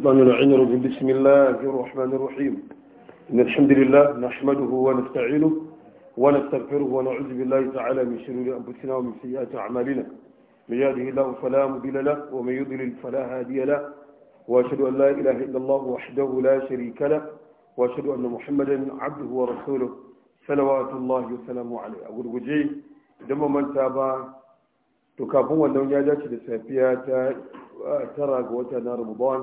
الشيطان العين رجيم بسم الله الرحمن الرحيم إن الحمد لله نحمده ونستعينه ونستغفره ونعوذ بالله تعالى من شرور أنفسنا ومن سيئات أعمالنا من يهده الله فلا مضل له ومن يضلل فلا هادي له وأشهد أن لا إله إلا الله وحده لا شريك له وأشهد أن محمدا عبده ورسوله صلوات الله وسلامه عليه أقول وجيه دم من تابع تكافون ونوجاتك لسافيات ترى قوتنا رمضان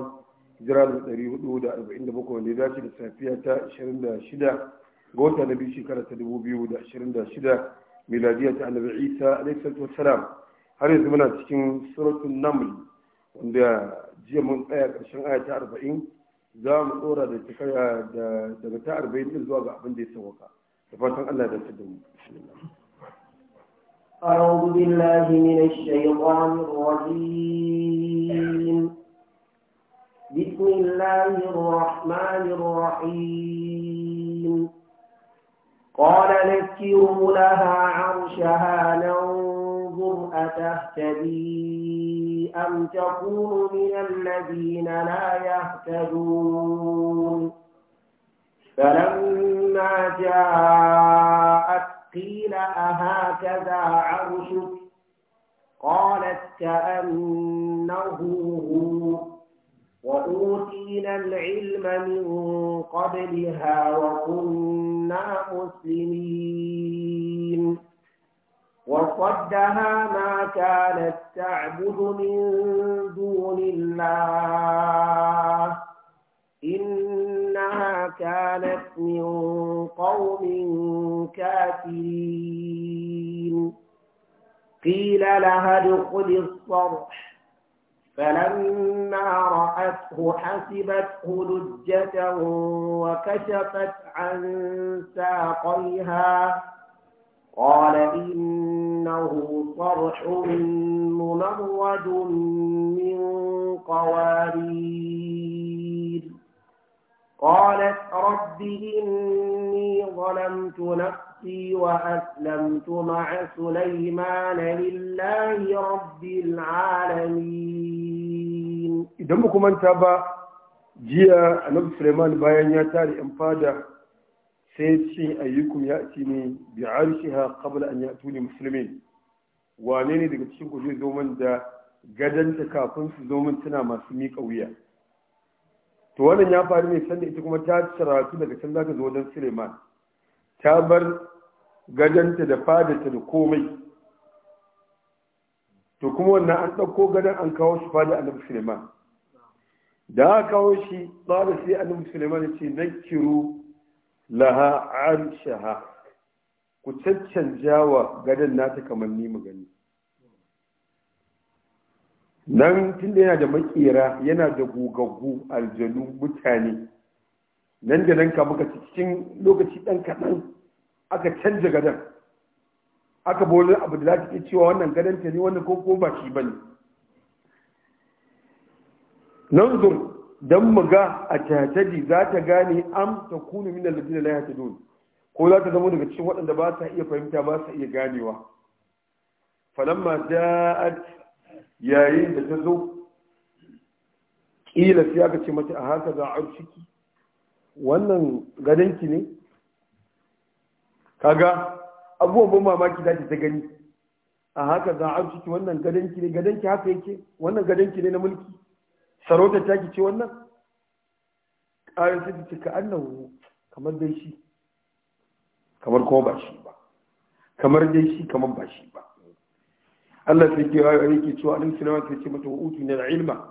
hijira da 447 wanda ya dace da safiya ta 26 ga wata na biyu shekara ta 2026 miladiya ta annabi isa alaihi wasalam har yanzu muna cikin suratun naml wanda jiya mun tsaya karshen aya ta 40 za mu tsora da kaya daga ta 40 din zuwa ga abin da ya sauka da fatan Allah ya da mu أعوذ بالله من الشيطان الرجيم بسم الله الرحمن الرحيم قال نكروا لها عرشها ننظر أتهتدي أم تكون من الذين لا يهتدون فلما جاءت قيل أهكذا عرشك قالت كأنه هو وأوتينا العلم من قبلها وكنا مسلمين وصدها ما كانت تعبد من دون الله إنها كانت من قوم كافرين قيل لها ادخل الصرح فلما رأته حسبته لجة وكشفت عن ساقيها قال إنه صرح ممرد من قوارير قالت رب إني ظلمت نفسي وأسلمت مع سليمان لله رب العالمين idan ba manta ba jiya annabi Suleiman bayan ya tare in fada sai ce ayyukum ya'ti ni bi arshiha qabla an ya'tuni muslimin wane ne daga cikin ku zai zo man gadanta kafin su zo tana masu miƙa wuya to wannan ya faru ne sanda ita kuma ta saratu daga can za ta zo wajen suleiman ta bar gadanta da fadata da komai to kuma wannan an ɗauko gadon an kawo shi fada annabi suleiman da aka kawo shi tsara sai annabi suleiman ya ce na kiru laha arshaha ku caccanjawa gadon nata kamar ni mu gani nan tunda yana da makera yana da gugaggu aljanu mutane nan da nan kamuka cikin lokaci ɗan kaɗan aka canza gadon aka bolin abu da za ta cewa wannan gadon ta ne wannan koko ba shi ba ne nan zur don mu ga a tattali za ta gane am ta kunu min alladina la yahtadun ko za ta zama daga cikin waɗanda ba sa iya fahimta ba sa iya ganewa falamma ja'at yayin da ta zo ƙila sai aka ce mata a haka za a ciki wannan gadonki ne kaga abubuwan ban mamaki za ta gani a haka za a ciki wannan gadonki ne gadonki haka yake wannan gadonki ne na mulki sarautar ki ce wannan ƙarin sai ta ce ka annahu kamar dai shi kamar kuma ba shi ba kamar dai shi kamar ba shi ba Allah sai ke rayu yake cewa annabi sallallahu alaihi wasallam ce mata uti na ilma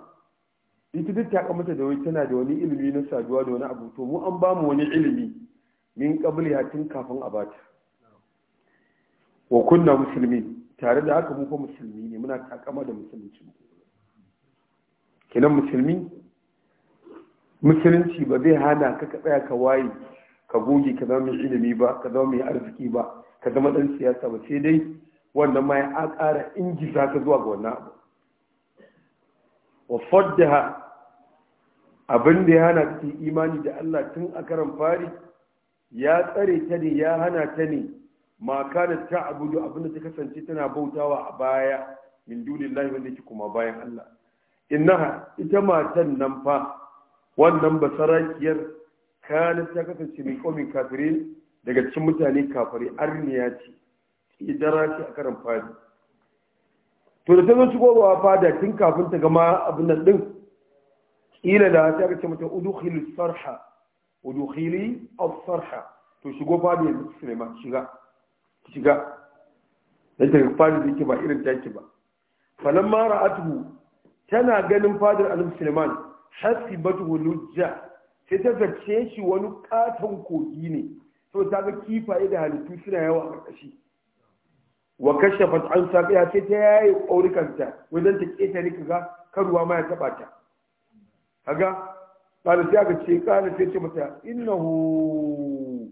ita duk ta kamata da wai tana da wani ilimi na saduwa da wani abu to mu an ba mu wani ilimi min qabli hatin kafin a bata wa kunna muslimin tare da haka mu fa musulmi ne muna takama da musulunci kenan musulmi musulunci ba zai hana ka ka tsaya ka waye ka goge ka zama mai ilimi ba ka zama mai arziki ba ka zama dan siyasa ba sai dai Wanda ma ya ƙara ingiza ka zuwa ga wannan abu wa ha, abin da ya hana cikin imani da Allah tun a karan fari ya tsare ta ne ya hana ta ne ma ka da ta abu da abin da ta kasance tana bautawa a baya min dunillahi wanda yake kuma bayan Allah Inna ha, ita matan nan fa wannan basarakiyar kana ta kasance mai komin kafirin daga cikin mutane kafari arniya ce idara shi a karan fadi. to da ta zo ba fada tun kafin ta gama abin nan din ila da ta kace mata udkhil sarha udkhili as-sarha to shigo fadi ne Sulaiman shiga shiga dan ta fadi da yake ba irin taki ba falamma ra'atuhu tana ganin fadar annabi Sulaiman hasibatu lujja sai ta zace shi wani katon kogi ne to ta ga kifaye da halittu suna yawa a ƙarƙashi wa kashafat an saqiha sai ta yayi aurikanta wajen ta ketare kaga karuwa ma ya taba ta kaga qala sai ga ce qala sai ce mata innahu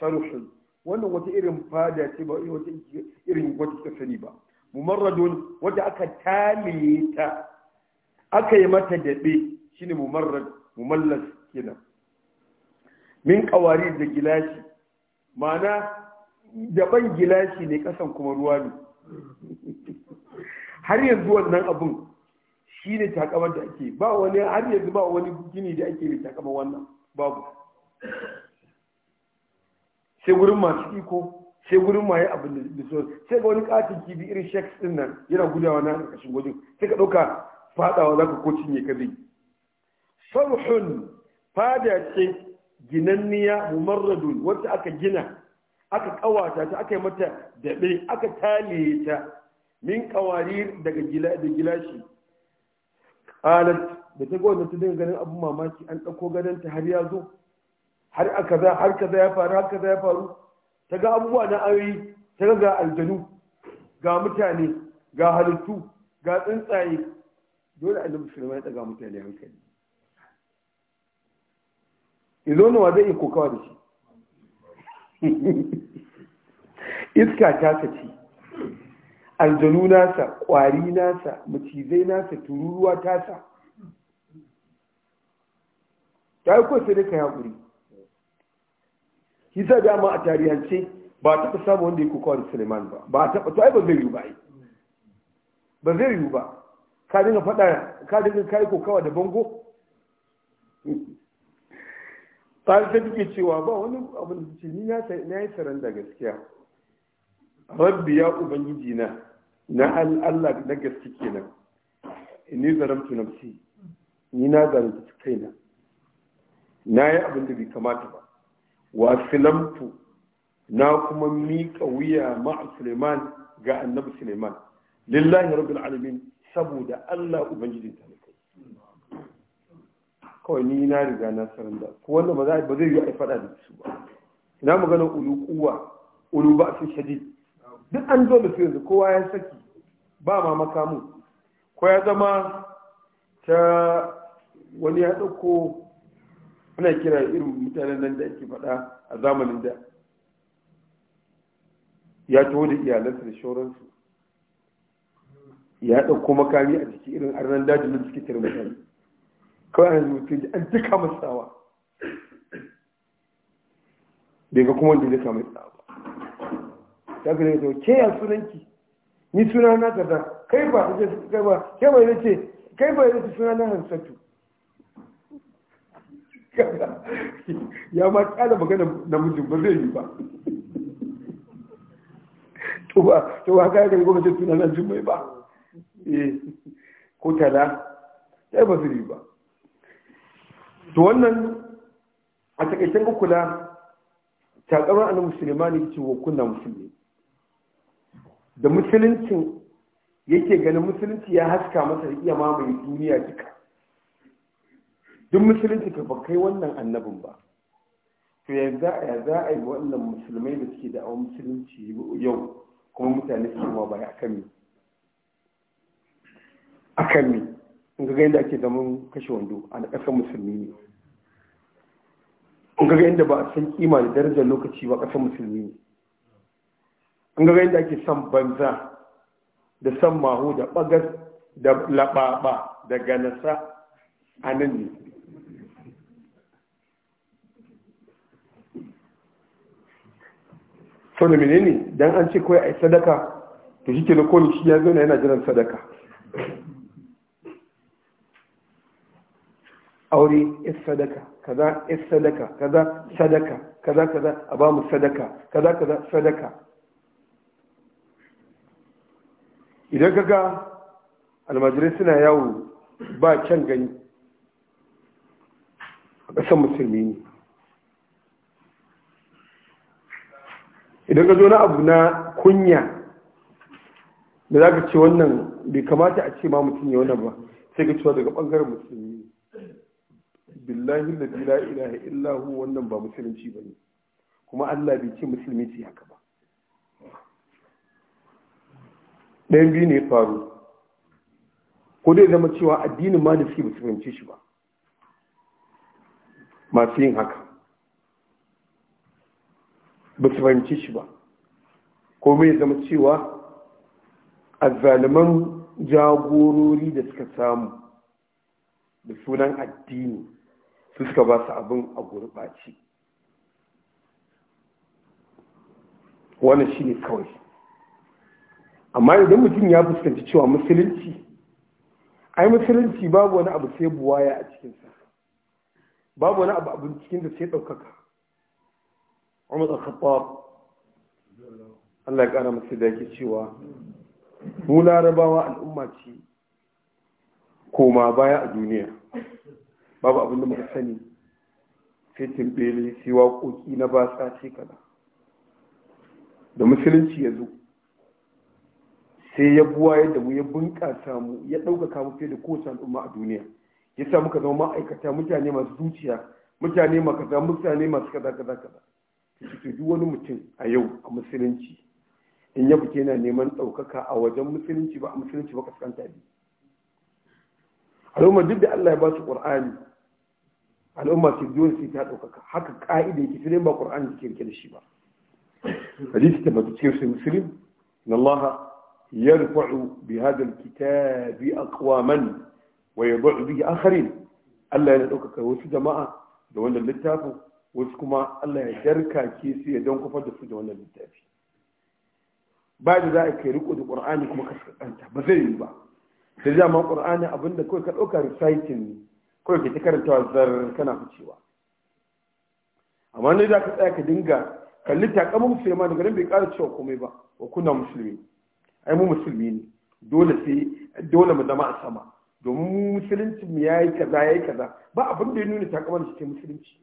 sarhun wannan wata irin fada ce ba wata irin wata ta sani ba mumarradun wata aka tamiye ta aka yi mata dabe shine mumarrad mumallas kenan min ƙawari da gilashi ma'ana daban gilashi ne kasan kuma ruwa ne har yanzu wannan abun shi ne takamar da ake ba wani har yanzu ba wani gini da ake mai takamar wannan babu sai gurin masu iko sai gurin maye abin da su, sai ga wani katin kibi irin shakes din nan yana gudawa na ƙarƙashin gwajin sai ka ɗauka fadawa za ka ko cinye ka zai sarhun fada ce ginanniya mumarradun wacce aka gina aka kawata ta aka yi mata daɓe aka tale ta min kawari daga gilashi alat da ta gwamnati ta dinga ganin abin mamaki an ɗauko gadonta har ya zo har kaza har za ya faru har za ya faru ta ga abubuwa na ayoyi ta ga aljanu ga mutane ga halittu ga tsuntsaye dole a zama shirma ya ɗaga mutane hankali izo nawa zai iya kokawa da shi iska ta sace aljanu nasa kwari nasa macizai nasa tururuwa tasa ta yi kwasa da dai ka yaƙuri hisa dama a tarihance ba a taɓa samun wanda ya kokawa da suleiman ba ba a taɓa to ai ba zai yiwu ba yi, ba zai yiwu ba ka dinga faɗa ka dinga kai kokawa da bango ta ta take cewa ba wani abin da ce ni na yi saranda gaskiya rabbi ya ubangiji na na Allah na gaske kenan ni zaramtu nafsi ni na zaramtu kaina na yi abin da bai kamata ba wa filamtu na kuma miƙa wuya ma'a suleiman ga annabi suleiman lillahi rabbil alamin saboda Allah ubangijin ta kai kawai ni na riga na saranda ko wanda ba zai yi a faɗa da su ba ina maganar ulu kuwa ulu ba su shadid duk an zo da su yanzu kowa ya saki ba ma makamu ko ya zama ta wani ya ɗauko ana kira irin mutanen nan da ake faɗa a zamanin da ya taho da iyalansa da shauransu ya ɗauko makami a jiki irin arnan dajin da suke tare mutane kawai an zuwa da an duka masawa tsawa bai ga kuma wanda ya duka mai tsawa da aka to ke ya sunanki ni suna na kaza kai ba ita kai ba kai bai da ce kai ba ita suna na hansatu ya ma kada magana namijin ba zai yi ba to ba to ba kai kai gobe suna na jummai ba eh ko tala sai ba zai yi ba to wannan a takaicen kula takarwar annabi musulmani ce wa kunna musulmi da musuluncin yake ganin musulunci ya haska masa iya mamaye duniya duka duk musulunci ka ba kai wannan annabin ba to ya za a za a yi wannan musulmai da suke da awon musulunci yau kuma mutane su ma baya akan mi akan mi in ga yadda ake zaman kashe wando a na ƙasar musulmi ne in ga yadda ba a san kima da darajar lokaci ba ƙasar musulmi ne an ga yadda ake son banza da son mahu da bagas da laɓaɓa da ganasa a nan ne so da menene don an ce kawai a yi sadaka to shi ke da kone shi ya zo na yana jiran sadaka aure is sadaka kaza is sadaka kaza sadaka kaza kaza a ba mu sadaka kaza kaza sadaka idan ka ga almajirai suna yawo ba can gani a ƙasar musulmi ne idan ka zo na abu na kunya da za ka ce wannan bai kamata a ce ma mutum ya wannan ba sai ka cewa daga ɓangaren musulmi billahi da la ilaha illahu wannan ba musulunci ba ne kuma allah bai ce musulmi ce haka ba ɗayan biyu ne faru ko dai zama cewa addinin ma da suke basu fahimci shi ba masu yin haka su fahimci shi ba ko mai zama cewa zaliman jagorori da suka samu da sunan addini su suka ba su abin a gurɓaci wannan shi ne kawai amma idan mutum ya fuskanci cewa musulunci ai musulunci babu wani abu sai buwaya a cikinsa babu wani abu abin cikin da sai ɗaukaka umar al-khattab Allah ya ƙara masa da yake cewa mu larabawa al'umma ce koma baya a duniya babu abin da muka sani sai timbele sai waƙoƙi na basa ce kada da musulunci ya zo sai ya buwaye da mu ya bunƙasa mu ya ɗaukaka mu fiye da kowace al'umma a duniya ya sa muka zama ma'aikata mutane masu zuciya mutane makaza mutane masu kaza kaza kaza to duk wani mutum a yau a musulunci in ya fita yana neman ɗaukaka a wajen musulunci ba a musulunci ba kaskanta ne al'umma duk da Allah ya ba su Qur'ani al'umma su biyo su ta ɗaukaka haka ka'ida yake sai ba Qur'ani ke rike da shi ba hadisi ta bata cikin musulmi in allaha يرفع بهذا الكتاب أقواما ويضع به آخرين Allah ya ɗaukaka wasu jama'a da wannan littafin wasu kuma Allah ya jarka ke su ya don kufar da su da wannan littafi ba za a kai riko da ƙur'ani kuma ka sakanta ba zai yi ba da dama ƙur'ani abinda kawai ka ɗauka reciting ne kawai ka ta karantawa zar kana ficewa amma ne za tsaya ka dinga kalli takamin musulman da garin bai ƙara cewa komai ba wa kuna musulmi ai mu musulmi ne dole sai dole mu zama a sama domin musulunci mu yayi kaza yayi kaza ba abin da ya nuna takama da cikin musulunci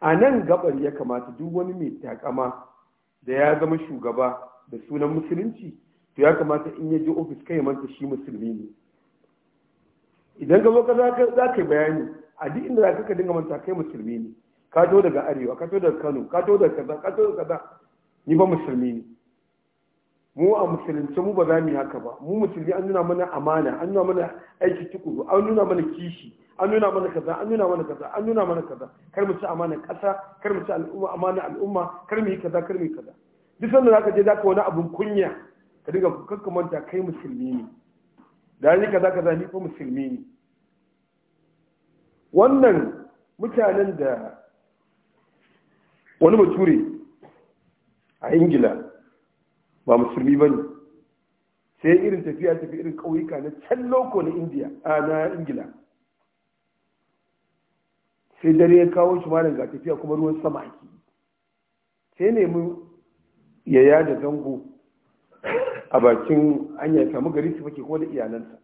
a nan gabar ya kamata duk wani mai takama da ya zama shugaba da sunan musulunci to ya kamata in ya je ofis kai manta shi musulmi ne idan ka zo ka za ka yi bayani a duk inda za ka dinga manta kai musulmi ne ka zo daga arewa ka zo daga kano ka zo daga kaza ka zo daga kaza ni ba musulmi ne mu a musulunci mu ba za mu yi haka ba mu musulmi an nuna mana amana an nuna mana aiki tukuru an nuna mana kishi an nuna mana kaza an nuna mana kaza an nuna mana kaza kar mu ci amana ƙasa kar mu ci al'umma amana al'umma kar mu yi kaza kar mu yi kaza duk sanda zaka je zaka wani abun kunya ka dinga kakka manta kai musulmi ne da ni kaza kaza ni ko musulmi ne wannan mutanen da wani bature a ingila ba musulmi bane. ne sai irin tafiya tafi irin ƙauyuka na can loko na indiya a na ingila sai dare ya kawo shi malam ga tafiya kuma ruwan sama ake sai nemi yaya da zango a bakin hanya samu gari su fake kuma da iyalansa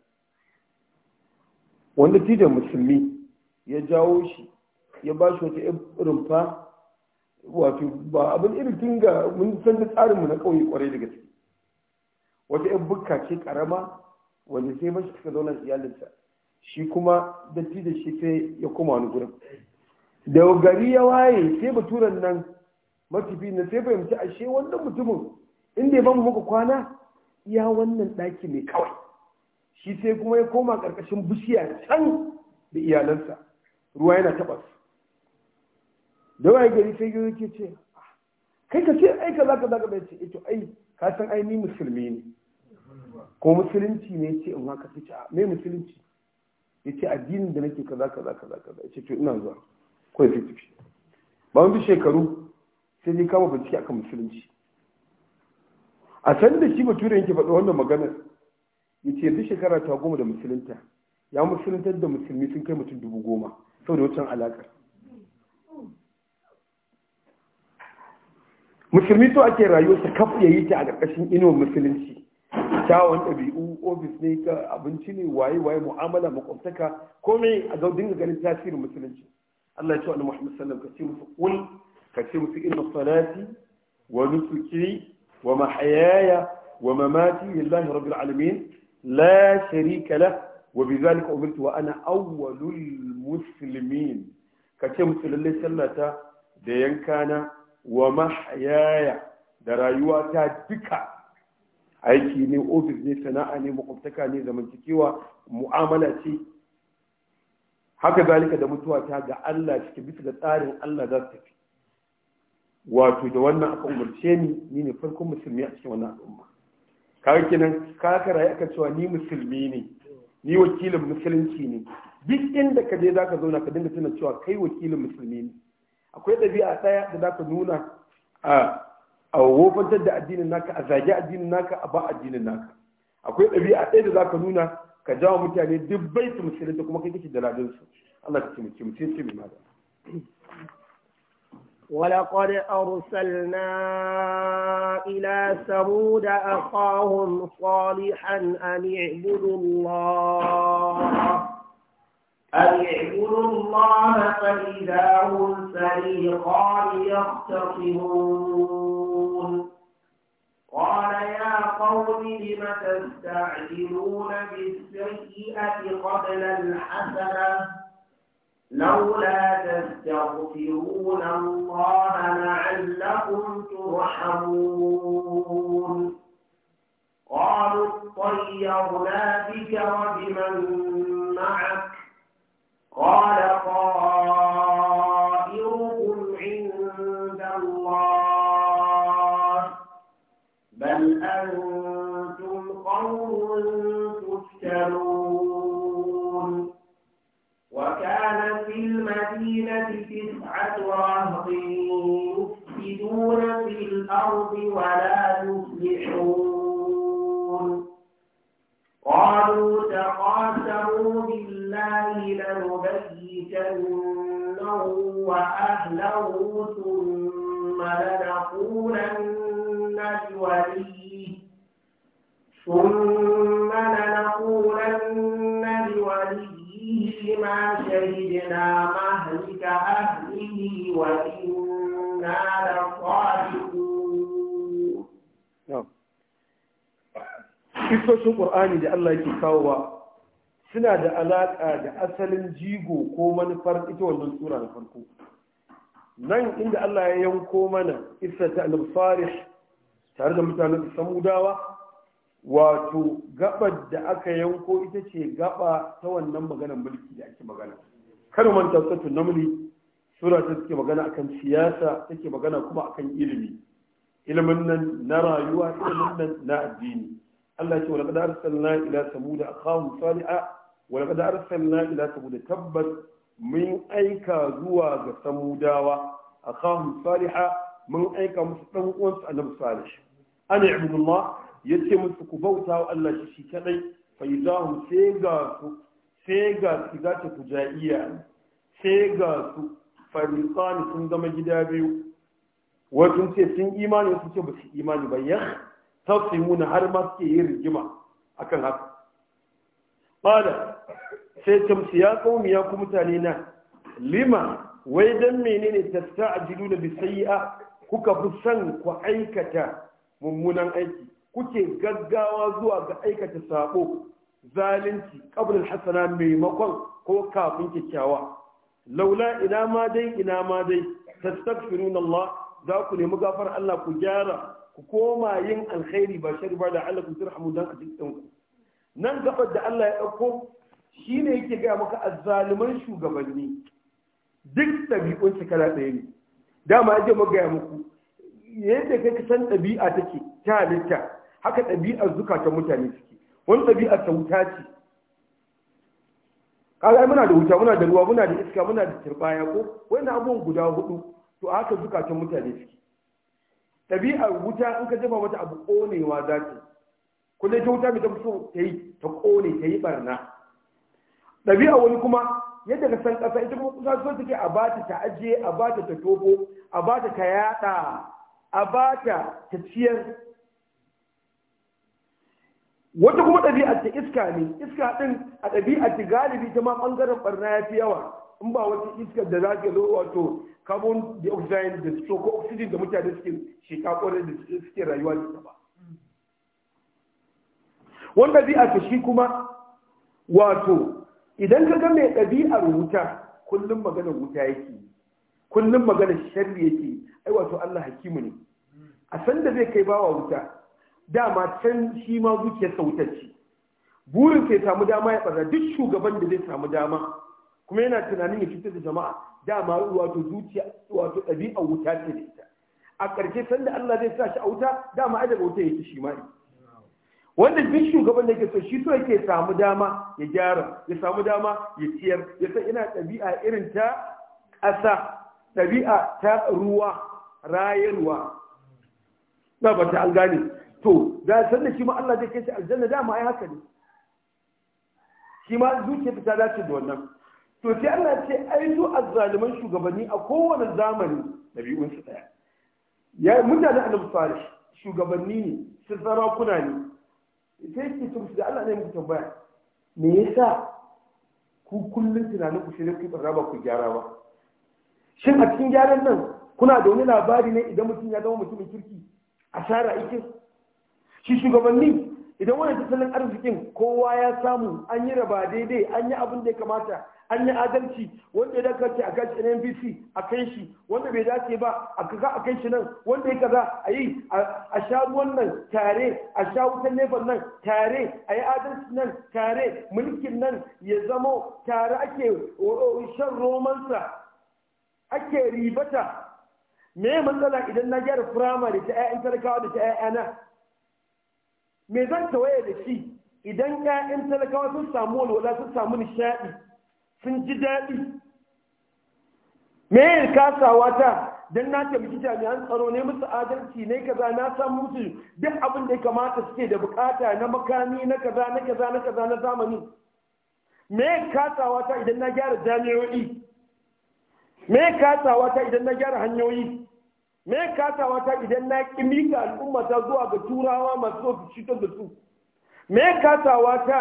wanda tijan musulmi ya jawo shi ya ba shi wata rumfa wato ba abin irin ga mun san da tsarinmu na ƙauye kwarai daga gaske wata yan bukka ce karama wanda sai mashi suka zauna iyalinsa shi kuma datti da shi sai ya koma wani gurin da gari ya waye sai baturan nan matafi na sai fahimci ashe wannan mutumin inda ya bamu muka kwana ya wannan ɗaki mai kawai shi sai kuma ya koma ƙarƙashin bishiya can da iyalansa ruwa yana taɓa su da wani gari sai gari ke ce kai ka ce ai ka zaka bai ce ito eh, ai ka san ai ni musulmi ne ko musulunci ne ce in haka ce a ah, me musulunci ya ce addinin da nake kaza kaza kaza kaza ya ce to ina zuwa ko yace tafi ba bi shekaru sai ni kama bincike akan musulunci a san da shi bature yake faɗi wannan maganar ya ce shekara ta goma da musulunta ya musulunta da musulmi sun kai mutum dubu goma saboda wancan alaƙar musulmi to ake rayuwarsa kaf ya yi ta a ƙarƙashin inuwar musulunci kyawun ɗabi'u ofis ne ka abinci ne waye waye mu'amala makwabtaka komai a ga dinga ganin tasirin musulunci Allah ya ce annabi Muhammad sallallahu alaihi wasallam ka ce musu kul ka ce musu inna salati wa nusuki wa mahayaya wa mamati lillahi rabbil alamin la sharika lah wa bidhalika umirtu wa ana awwalul muslimin ka ce musu lallai sallata da yankana wa mahayaya da rayuwa ta duka aiki ne ofis ne sana'a ne makwabtaka ne zamantakewa mu'amala ce haka zalika da mutuwa ta ga Allah cikin bisa da tsarin Allah za su tafi wato da wannan aka umarce ni ni ne farkon musulmi a cikin wannan al'umma kaga kenan ka ka rayu aka cewa ni musulmi ne ni wakilin musulunci ne duk inda ka je zaka zauna ka dinga tuna cewa kai wakilin musulmi ne akwai ɗabi'a ɗaya da za ka nuna a wofantar da addinin naka a zage addinin naka a ba addinin naka akwai ɗabi'a ɗaya da za ka nuna ka jawo mutane duk bai su da kuma kai kake ladin su Allah ka cimci mutum ce mai mada ولقد أرسلنا إلى ثمود أخاهم صالحا أن اعبدوا الله أن الله فإذا هم فريقان يختصمون قال يا قوم لم تستعجلون بالسيئة قبل الحسنة لولا تستغفرون الله لعلكم ترحمون قالوا اطيرنا بك وبمن معك qur'ani da Allah yake ba suna da alaƙa da asalin jigo ko manufar ita wannan sura na farko nan inda Allah ya yanko mana isa ta al-farih tare da mutanen samudawa wato gabar da aka yanko ita ce gaba ta wannan maganar mulki da ake magana kar manta suratul namli sura ta take magana akan siyasa take magana kuma akan ilimi ilimin nan na rayuwa ilimin nan na addini Allah ce walaqad arsalna ila samud akhahum salihah walaqad arsalna ila samud tabbas mun aika zuwa ga samudawa akhahum saliha mun aika musu dan uwansu annabi salih an ibnullah yace musu ku bauta wa Allah shi shi kadai fa idahum sai ga su sai ga su za ta kujaiya sai ga su fariqani sun gama gida biyu sun ce sun imani sun ce ba su imani ba ya taqsimuna har ma suke yin rigima akan haka qala sai tamsu ya qaumi ya ku mutane na lima wai dan menene tasta'jiluna bi a? kuka fi son ku aikata mummunan aiki kuke gaggawa zuwa ga aikata sabo zalunci qablul hasana maimakon ko kafin kyakkyawa laula ina ma dai ina ma dai tastaghfiruna Allah za ku nemi gafar Allah ku gyara ku koma yin alkhairi ba shari ba da Allah ku turhamu dan a cikin ku nan gabar da Allah ya dauko shine yake ga maka azzaliman shugabanni duk ɗabi'un su kala ɗaya ne dama ya je mu ga muku yadda kai san ɗabi'a take ta halitta haka ɗabi'ar zukatan mutane suke wani ɗabi'ar ta wuta ce kaga muna da wuta muna da ruwa muna da iska muna da turbaya ko wani abun guda hudu to haka zukatan mutane suke ɗabi'ar wuta in ka jefa mata abu ƙonewa za ta kullum ta wuta mai ta so ta yi ta ƙone ta yi barna Ɗabi'ar wani kuma yadda ka san ƙasa ita kuma kusa so take a ba ta ajiye a ba ta tobo a ba ta yaɗa a ba ta ciyar wata kuma ɗabi'a ta iska ne iska ɗin a ɗabi'a ta galibi ta ma ɓangaren barna ya fi yawa in ba wata iska da za ka zo wato carbon dioxide da su ko oxygen da mutane suke shekakonar da suke rayuwa da ba wanda zai ta shi kuma wato idan ka ga mai ɗabi'ar wuta kullum maganar wuta yake kullum maganar sharri yake ai wato Allah hakimu ne a san da zai kai bawa wuta dama can shi ma zuciyarsa wutar ce burin sai samu dama ya ɓarra duk shugaban da zai samu dama kuma yana tunanin ya fitar da jama'a dama wato zuciya wato ɗabi'a wuta ce da ita a ƙarshe sanda Allah zai sa shi a wuta dama a daga wuta yake shi ma wanda duk shugaban da yake so shi so yake samu dama ya gyara ya samu dama ya ciyar ya san ina ɗabi'a irin ta ƙasa ɗabi'a ta ruwa rayarwa na ba ta an gane to da san da shi ma Allah zai kai shi aljanna dama ai haka ne shi ma zuciya ta dace da wannan to sai Allah ce ai su azzaliman shugabanni a kowane zamani dabi'un su daya ya mutane annabi salih shugabanni ne su kuna ne sai ki tumsu da Allah ne muku tambaya me yasa ku kullun tunanin ku sai ku tsara ba ku gyara ba shin a cikin gyaran nan kuna da wani labari ne idan mutum ya zama mutumin kirki a share ikin shi shugabanni idan wani tattalin arzikin kowa ya samu an yi raba daidai an yi abin da ya kamata an yi adalci wanda ya dace a kashi NNPC a kai shi wanda bai dace ba a kaga a kai shi nan wanda ya kaza a yi a sha ruwan nan tare a sha wutan nefan nan tare a yi adalci nan tare mulkin nan ya zama tare ake shan romansa ake ribata me matsala idan na gyara firamare ta 'ya'yan talakawa da ta 'ya'yana me zan tawaye da shi idan 'ya'yan talakawa sun samu walwala sun samu nishaɗi sun ji daɗi me yin kasawa ta don na taimaki jami'an tsaro ne musu adalci ne kaza na san musu duk abin da ya kamata suke da bukata na makami na kaza na kaza na kaza na zamani me yin kasawa ta idan na gyara jami'o'i me yin kasawa ta idan na gyara hanyoyi me kasawa ta idan na ki mika al'umma ta zuwa ga turawa masu so su da su me kasawa ta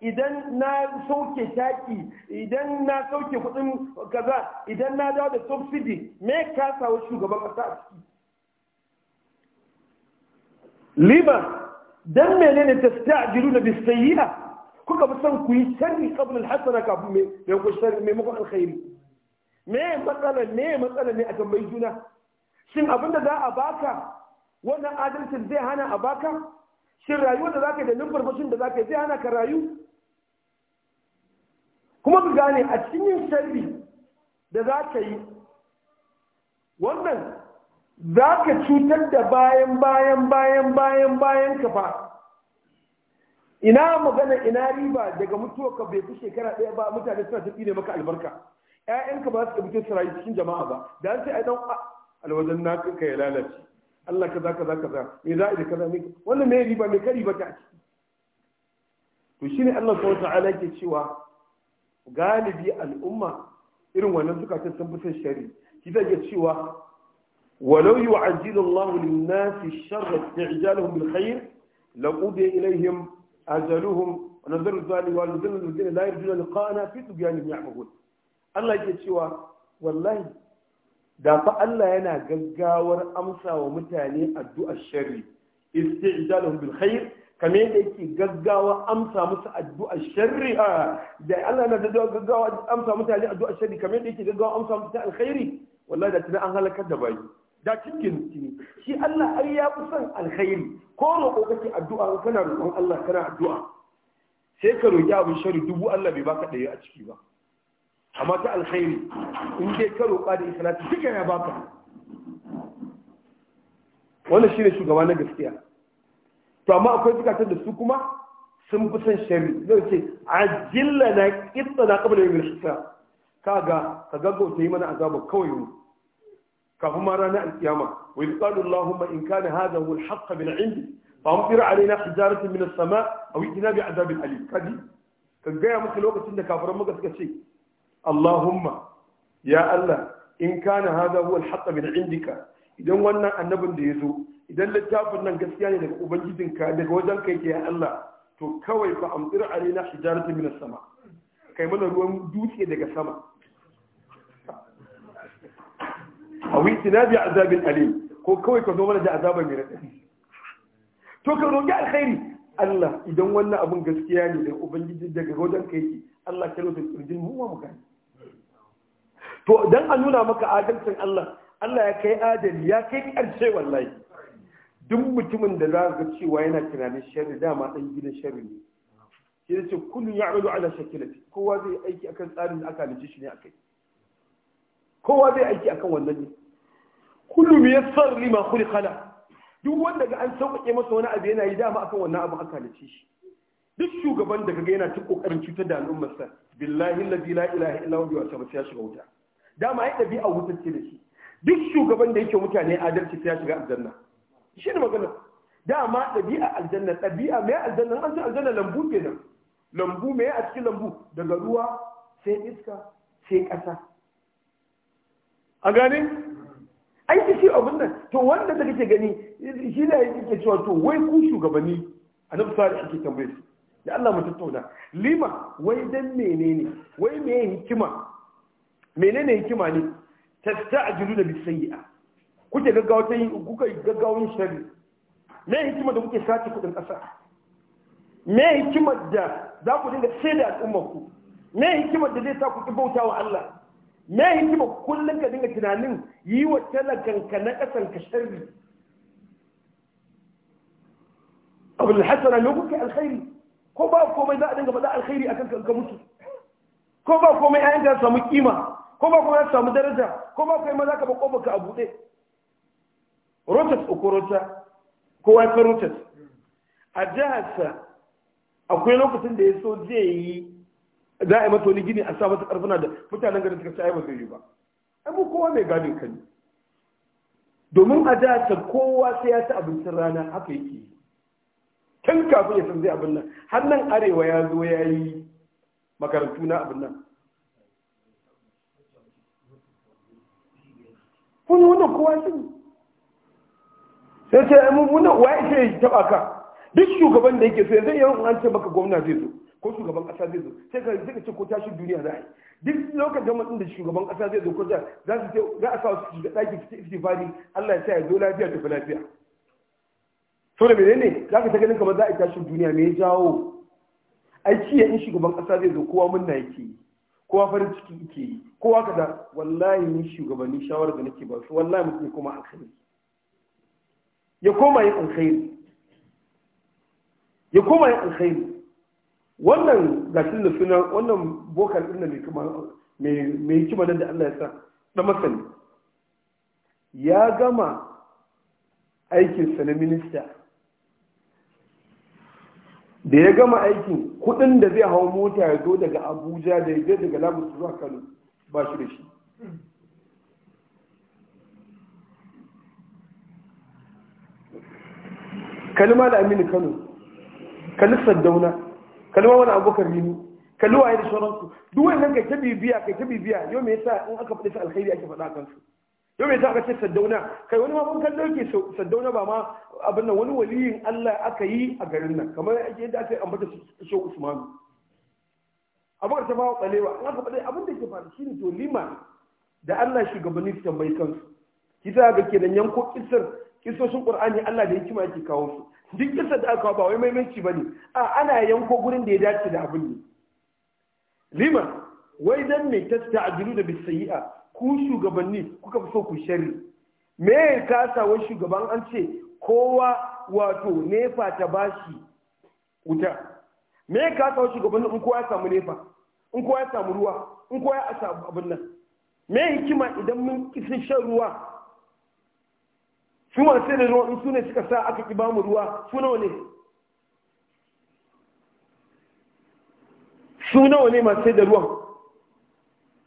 idan na sauke taki idan na sauke kudin kaza idan na dawo da subsidy me kasawa shugaban kasa a ciki lima dan menene ta sta'jiru na bisayya kuka fi son ku yi sharri qabla al-hasana kafin me me ku sharri me muku alkhairi me matsala me matsala ne a tambayi juna shin abin da za a baka wannan adalcin zai hana a baka shin rayuwar da za ka yi da numfarfashin da za ka yi zai hana ka rayu kuma ku gane a cikin yin sharri da za ka yi wannan za ka cutar da bayan bayan bayan bayan bayan ka ba ina magana ina riba daga mutuwa ka bai fi shekara ɗaya ba mutane suna tafi ne maka albarka 'ya'yanka ba su ka mutu su rayu cikin jama'a ba da an sai a alwajen nakin ka ya lalace Allah kaza kaza kaza me za a yi kaza me wannan me riba me kari ba ta ciki to shine Allah subhanahu ta'ala yake cewa galibi al'umma irin wannan zukatan sun fi shari shi zai cewa ولو يعجل الله للناس الشر استعجالهم بالخير لقضي إليهم wa ونذر الظالم والذين لا يرجون لقاءنا في طغيانهم يعمهون Allah يجي cewa wallahi da fa Allah yana gaggawar amsa wa mutane addu'ar sharri isti'jalahum bil khair kamar yadda yake gaggawa amsa musu addu'ar sharri da Allah yana gaggawa amsa mutane addu'ar sharri kamar yadda yake gaggawa amsa musu alkhairi wallahi da tana an halakar da bayi da cikin ciki shi Allah ai ya fi son alkhairi ko roƙo kake addu'a kana roƙon Allah kana addu'a sai ka roƙi abin sharri dubu Allah bai baka ɗaya a ciki ba amma ta alkhairi in dai karo da isanati duka ya baka wannan shine shugaba na gaskiya to amma akwai bukatar da su kuma sun fi son shari zai ce ajilla na kitsa na kabla yin rishita kaga ka ta yi mana azaba kawai mu kafin ma ranar alkiyama wa yi tsarin Allahumma in kana hada wal haqqa min indi fa amfira alaina hijaratan min sama a itina bi azabin alim kadi ka gaya musu lokacin da kafiran muka suka ce Allahumma ya Allah in kana hadha huwa al-haqq min indika idan wannan annabin da yazo idan littafin nan gaskiya ne daga ubangijinka daga wajen kai ke ya Allah to kawai fa amtir alaina hijaratan min as-sama kai mana ruwan dutse daga sama awi tinabi azabin alim ko kawai ka zo mana da azaban mai radadi to ka roki alkhairi Allah idan wannan abun gaskiya ne daga ubangiji daga wajen kai ke Allah ke rufe kirjin mu ma kai to dan a nuna maka adalcin Allah Allah ya kai adali ya kai karshe wallahi duk mutumin da za ga cewa yana tunanin sharri dama dan gidan sharri ne sai ce kullu ya'malu ala shakilati kowa zai aiki akan tsarin da aka halice shi ne akai kowa zai aiki akan wannan ne kullu yassar lima khuliqa duk wanda ga an sauƙaƙe masa wani abu yana yi dama akan wannan abu aka halice shi duk shugaban da kaga yana cin kokarin cutar da sa billahi allazi la ilaha illa huwa wa ya shiga wuta dama ai dabi'a wutar ce da shi duk shugaban da yake mutane adalci sai ya shiga aljanna shi ne magana dama dabi'a aljanna dabi'a mai aljanna an san aljanna lambu kenan lambu mai a cikin lambu daga ruwa sai iska sai ƙasa a gane ai ta shi abin nan to wanda take gani shi da yake cewa to wai ku shugabanni annabi sallallahu alaihi wasallam tambaye su da Allah mu tattauna lima wai dan menene wai meye hikima menene hikima ne tasta'jilu da bisayya kuke gaggawa ta yin kuka gaggawun shari me hikima da kuke sace kudin kasa me hikima da za ku dinga sai da al'ummar ku me hikima da zai sa ku ki bauta wa Allah me hikima kullum ka dinga tunanin yi wa talakanka na kasan ka sharri abu al-hasan lokacin alkhairi ko ba komai za a dinga faɗa alkhairi a kan ka mutu ko ba komai ayan ka samu kima ko ba komai ka samu daraja ko ba komai maza ka ba kofar ka a buɗe rotas uku rota kowa ya rotas a jiharsa akwai lokacin da ya so zai yi za a yi mata wani gini a sa mata karfuna da mutanen garin suka ci ai ba zai yi abu kowa mai gadin kani. domin a jiharsa kowa sai ya ci abincin rana haka yake yi tun kafin ya san abin nan Hannun arewa ya zo ya yi makarantu na abin nan kun wannan kowa ne sai ce mu wannan waye ce ya taba ka duk shugaban da yake so yanzu yawan an ce maka gwamna zai zo ko shugaban kasa zai zo sai ka zai ce ko tashin duniya za a yi duk lokacin matsin da shugaban kasa zai zo ko za su ce za a sa su shiga ɗaki su ce istifari Allah ya sa ya zo lafiya tafi lafiya to da menene za ka ta ganin kamar za a tashin duniya me jawo ai ya in shugaban kasa zai zo kowa munna yake yi kowa farin ciki yake yi kowa da, wallahi ni shugabanni shawarar da nake ba su wallahi mutum ya koma alkhairi ya koma yin alkhairi ya koma yin alkhairi wannan gashin da suna wannan bokar ɗin da mai kuma mai hikima nan da Allah ya sa da masani ya gama aikinsa na minista da ya gama aikin kudin da zai hau mota ya zo daga abuja da ya je daga lagos zuwa kano ba shi da shi kalma da aminu kano kalli dauna kalma wani abokan rinu kalli waye da sauransu duk nan ka ta bibiya ka ta bibiya yau me sa in aka faɗi ta alkhairi ake faɗa kansu yau mai za ka ce saddauna kai wani mabon kan dauke saddauna ba ma abin nan wani waliyin Allah aka yi a garin nan kamar yadda aka yi ambata so Usmanu abin ta bawa tsalewa an aka faɗi abin da ke faru ne to lima da Allah shugabanni su tambayi kansu kisa ga kenan yanko kisar kisoshin Ƙur'ani Allah da hikima yake kawo su duk kisar da aka kawo ba wai maimaci ne. a ana yanko gurin da ya dace da abin ne lima wai dan me ta tasta'jilu da bisayi'a ku shugabanni kuka fi so ku sharri me ya kasa wani shugaban an ce kowa wato nefa ta bashi wuta me ya kasa wani shugaban in kowa ya samu nefa in kowa ya samu ruwa in kowa ya samu abin nan me ya hikima idan mun kisa shan ruwa su masu da ruwa in su ne suka sa aka ki bamu ruwa su nawa ne su nawa ne masu da ruwan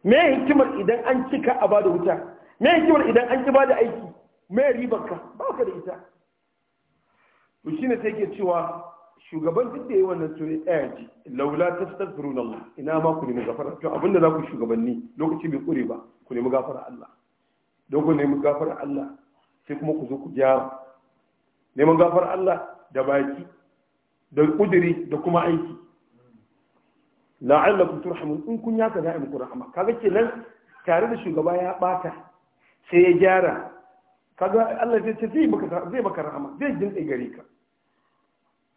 me hikimar idan an cika a bada wuta me hikimar idan an ki bada aiki me ribar ka ba ka da ita to shine sai ke cewa shugaban duk da yi wannan to ya ji laula tastaghfirun Allah ina ma ku nemi gafara to abinda za ku shugabanni lokaci bai kure ba ku nemi gafara Allah don ku nemi gafara Allah sai kuma ku zo ku gyara neman gafara Allah da baki da kudiri da kuma aiki la'allakum turhamun in kun yaka za a muku rahama kaga kenan tare da shugaba ya bata sai ya gyara kaga Allah zai ce zai maka zai maka rahama zai jin tsaye gare ka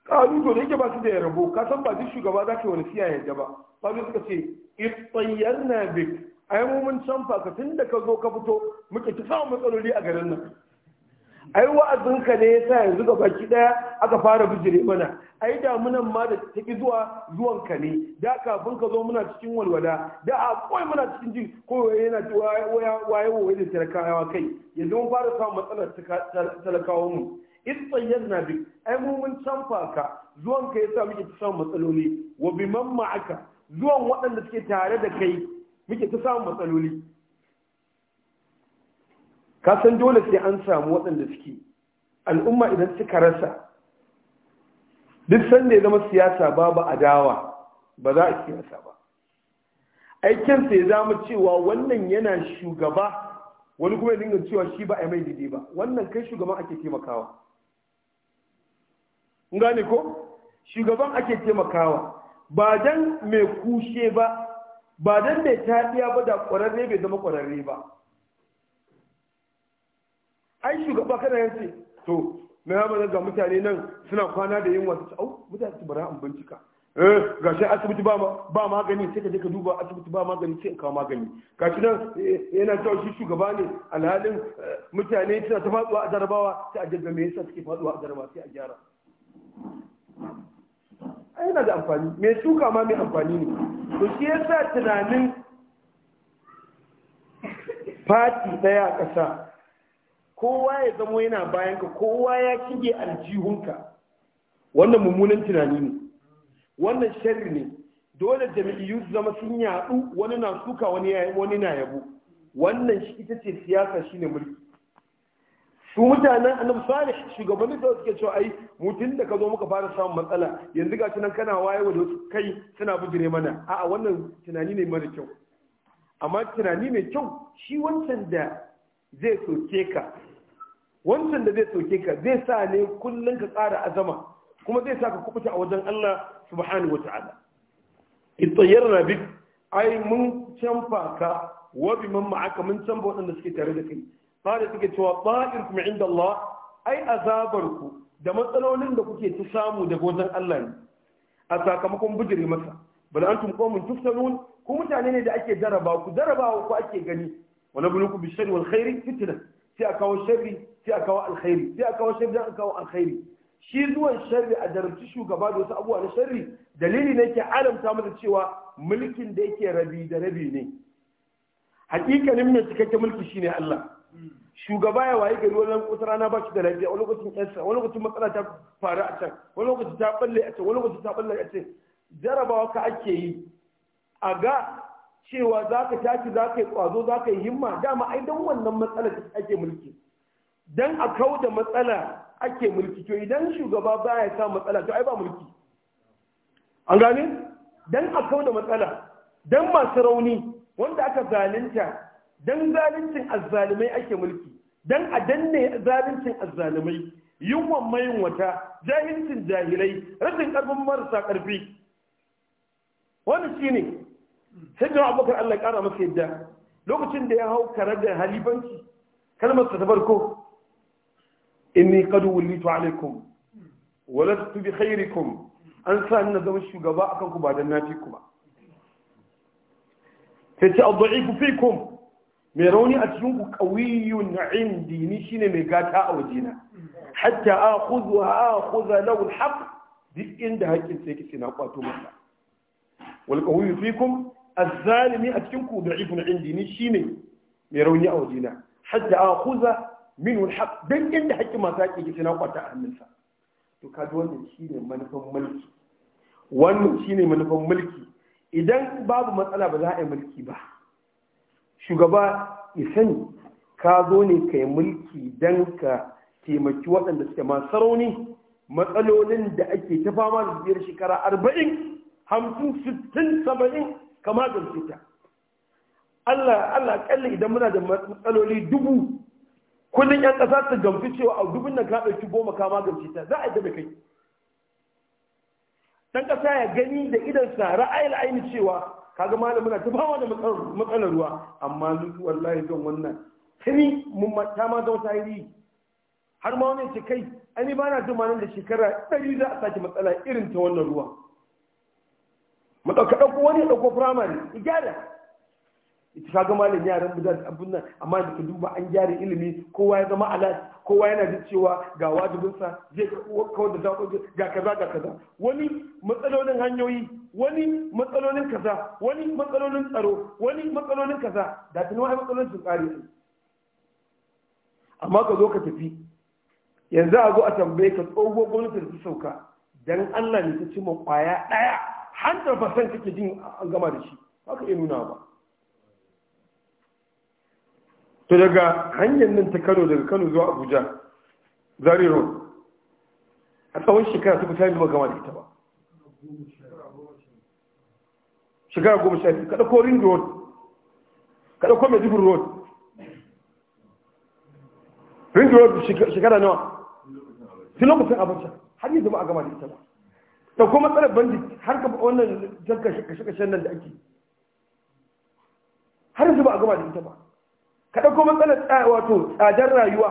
kalu to da yake ba su da rabo ka san ba duk shugaba za ka wani siya yadda ba kalu suka ce ittayyarna bik ai mu mun san ka tunda ka zo ka fito muke ta samun matsaloli a garin nan ai wa'azinka ne yasa yanzu ga baki daya aka fara bijire mana ai da damunan ma da tafi zuwa zuwan ka ne da kafin ka zo muna cikin walwala da a kawai muna cikin ji ko yana waya waya waye da talakawa kai yanzu mun fara samun matsalar talakawa mu in tsayyar na bi ai mu mun canfa ka zuwan ka yasa sa muke ta samun matsaloli wa bi ma'aka zuwan waɗanda suke tare da kai muke ta samun matsaloli ka san dole sai an samu waɗanda suke al'umma idan suka rasa duk sanda ya zama siyasa babu adawa ba za a siyasa ba aikin sai ya zama cewa wannan yana shugaba wani kuma ya dinga cewa shi ba a mai daidai ba wannan kai shugaban ake taimakawa gane ko shugaban ake taimakawa ba dan mai kushe ba ba dan mai tafiya ba da ƙwararre bai zama kwararre ba ai shugaba kana yace to na yamma ga mutane nan suna kwana da yin wasu au mutane su bara an bincika eh gashi asibiti ba ba magani sai ka je ka duba asibiti ba magani sai in kawo magani gashi nan eh, yana cewa shi shugaba ne alhalin eh, mutane suna ta faduwa a jarabawa sai a jaddame me yasa suke faduwa a jarabawa sai a gyara ai yana da amfani me shuka ma mai amfani ne to shi yasa tunanin fati daya a ƙasa kowa ya zama yana bayanka kowa ya shige aljihunka wannan mummunan tunani ne wannan sharri ne dole da su zama sun yadu wani na suka wani na yabo wannan shi ita ce siyasa shine mulki su mutanen annabi salih shugabanni da suke cewa ai mutum da ka zo muka fara samun matsala yanzu ga nan kana waye wa wasu kai suna bijire mana a'a wannan tunani ne mara kyau amma tunani mai kyau shi wancan da zai soke ka wancan da zai soke ka zai sa ne kullum ka tsara azama kuma zai sa ka kubuta a wajen Allah subhanahu wa ta'ala ittayyarna bik ai mun canfa ka wa bi man ma'aka mun canfa waɗanda suke tare da kai fara suke cewa ta'irkum inda Allah ai azabarku da matsalolin da kuke ta samu daga wajen Allah ne a sakamakon bijiri masa bal antum qawmun tuftanun ku mutane ne da ake jaraba ku jarabawa ku ake gani wa nabluukum bish-sharri wal khairi fitna a kawo sharri sai a kawo alkhairi sai a kawo sharri sai a kawo alkhairi shi zuwan sharri a jarabci shugaba da wasu abubuwa na sharri dalili ne ke alamta masa cewa mulkin da yake rabi da rabi ne hakikanin mai cikakken mulki shine Allah shugaba ya waye gari wani wata rana ba shi wani lokacin yansa wani lokacin matsala ta a can wani lokacin ta a can wani lokacin ta a can jarabawa ka ake yi a ga cewa za ka tashi za ka yi ƙwazo za ka yi himma dama ai don wannan matsala da ake mulki don a kau da matsala ake mulki to idan shugaba ba ya sa matsala to ai ba mulki an gane don a kau da matsala don masu rauni wanda aka zalunta don zaluncin azzalumai ake mulki don a danne zaluncin azzalumai yunwan wata, jahilcin jahilai rashin karfin marasa karfi wani ne. sai da abubakar Allah ya kara masa yadda lokacin da ya hau karar da halifanci kalmar ta farko inni qad wallitu alaikum walastu bi khairikum an sa ni zama shugaba akan ku ba dan nafi ku ba sai ce ad-da'ifu fikum mai rauni a cikin ku qawiyun indi ni shine mai gata a wajena hatta akhudhu akhudha lahu al-haqq duk inda haƙƙin sai kike na kwato masa wal qawiyyu fikum azzalimi a cikin ku da'ifun indi ni shine mai rauni a wajena hatta akhuza minhu alhaq dan inda haƙƙi masu haƙƙi ke na kwata a hannunsa to kaji wannan shine manufan mulki wannan shine manufan mulki idan babu matsala ba za a yi mulki ba shugaba isan ka zo ne kai mulki dan ka taimaki waɗanda suke masu rauni matsalolin da ake ta fama da biyar shekara arba'in hamsin sittin saba'in ka magance Allah Allah idan muna da matsaloli dubu kullum yan kasa su gamsu cewa a dubun nan ka goma ka magance za a yi da kai dan kasa ya gani da idan sa ra'ayil cewa kaga malamin na ta fama da matsalar ruwa amma wallahi zan wannan tani mun ta ma zama tarihi har ma wani ce kai ani ba na jin ma nan da shekara ɗari za a sake matsala irin ta wannan ruwa mu ɗauka wani ya ɗauko firamare ya gyara ita ka ga malam yaran da abin nan amma da ka duba an gyara ilimi kowa ya zama alat kowa yana da cewa ga wajibinsa zai kawar da zaɓoji ga kaza ga kaza wani matsalolin hanyoyi wani matsalolin kaza wani matsalolin tsaro wani matsalolin kaza da ta nuna matsalolin sun tsari? su amma ka zo ka tafi yanzu a zo a tambaye ka tsohuwar gwamnati da ta sauka dan Allah ne ta cimma ƙwaya ɗaya hantar fasan kake jin an gama da shi haka iya nuna ba to daga hanyar nan ta kano daga kano zuwa abuja zari road a tsawon shekara ta kusa ba gama da ita ba shekara goma sha biyu kada ko ring road kada ko maiduguri road ring road shekara nawa tun lokacin abuja har yi zama a gama da ita ba da kuma matsalar bandit har ka wannan jankar kashe-kashen nan da ake har yanzu ba a gama da ita ba ka ɗauko matsalar wato tsadar rayuwa